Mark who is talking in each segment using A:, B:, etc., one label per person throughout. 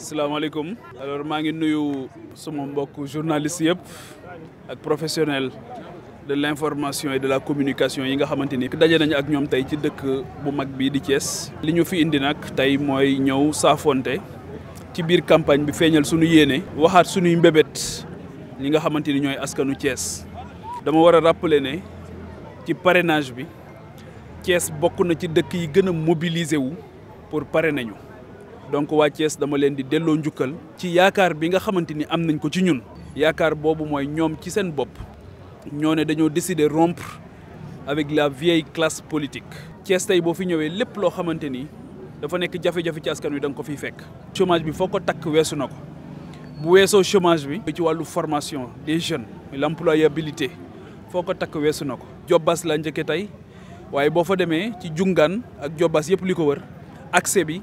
A: salaamaaleykum alors maa ngi nuyu suma mbokk journaliste yëpp ak professionnel de l'information et de la communication yi nga xamante ni daje nañu ak ñoom tey ci dëkk bu mag bii di Thiès. li fi indi nag tey mooy ñëw saafonte ci biir campagne bi feeñal suñu yéné waxat suñu mbébét ñi nga xamanteni ñoy askanu Thiès dama wara rappeler né ci parrainage bi Thiès bokku na ci dëkk yi gëna a mobiliser wu pour parrainer donc waa Thiès dama len di delloo njukkal ci yaakar bi nga xamanteni am nañ ko ci ñun yaakar bobu moy ñom ci sen bop ñone ne décider rompre avec la vieille classe politique Thiès tay bo fi ñëwee lepp lo xamanteni dafa nek jafé jafé ci askan wi dang ko fi fek chômage bi foko tak takk weesu bu wesso chômage bi ci walu formation des jeunes l'employabilité foko tak takk weesu jobbas la njëkke tay waye bo fa démé ci jungan ak jobbas yépp liko wër accès bi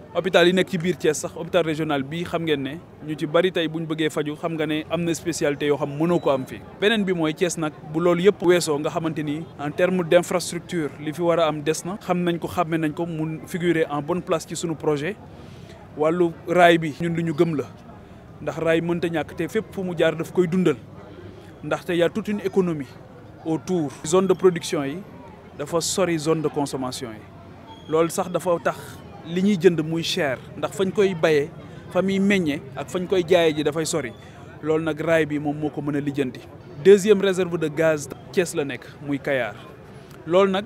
A: hôpital yi nek ci biir Thiès sax hôpital régional bi, xam ngeen ne ñu ci bari tay buñ bëggee faju xam nga ne am na spécialité yoo xam mënoo ko am fi beneen bi mooy Thiès nag bu loolu yëpp weesoo nga xamante ni en terme d' infrastructure li fi war a am des na xam nañ ko xàmme nañ ko mun figurer en bonne place ci suñu projet wàllu raay bi ñun lu ñu gëm la ndax raay mënta ñàkk te fépp fu mu jaar daf koy dundal ndaxte y a toute une économie autour zone de production yi dafa sori zone de consommation yi loolu sax dafa tax li ñuy jënd muy cher ndax fañ koy bayé fa muy meññee ak fañ koy jaayé ji da fay sori lool nak ray bi mom moko mëna lijeenti deuxième réserve de gaz ties la nek muy Kayar lool nak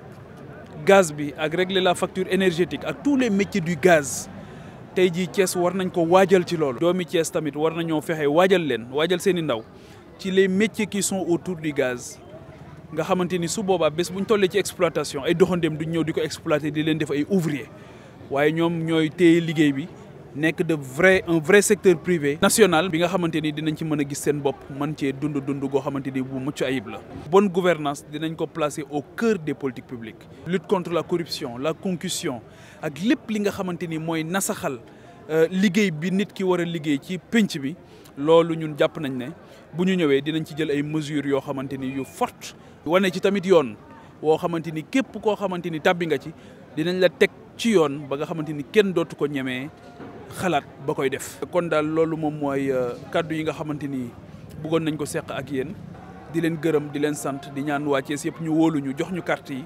A: gaz bi ak régler la facture énergétique ak tous les métiers du gaz tay ji ties war nañ ko waajal ci lool doomi ties tamit war nañu fexé waajal leen waajal seen ndaw ci les métiers qui sont autour du gaz. nga xamanteni su boba bés bu tollé ci exploitation ay doxandem du ñëw diko exploiter di leen def ay ouvriers waaye ñoom ñooy téye liggéey bi nekk de vrai un vrai secteur privé national bi nga ni dinañ ci mën a gis seen bopp mën cee dund dund Go xamante bu mucc ayib la bonne gouvernance dinañ ko placer au cœur des politiques publiques lutte contre la corruption la concussion ak lépp li nga ni nasaxal euh, liggéey bi nit ki war a liggéey ci pénc bi loolu ñun jàpp nañ ne bu ñu ñëwee dinañ ci jël ay mesures yoo xamante ni yu forte wane ci tamit yoon woo xamante ni képp koo xamante ni nga ci dinañ la ci yoon ba nga xamante ni kenn dootu ko ñemee xalaat ba koy def. kon daal loolu moom mooy euh, kàddu yi nga xamante ni bëggoon nañ ko seq ak yéen di leen gërëm di leen sant di ñaan waa Thiès yëpp ñu wóolu ñu jox ñu carte yi.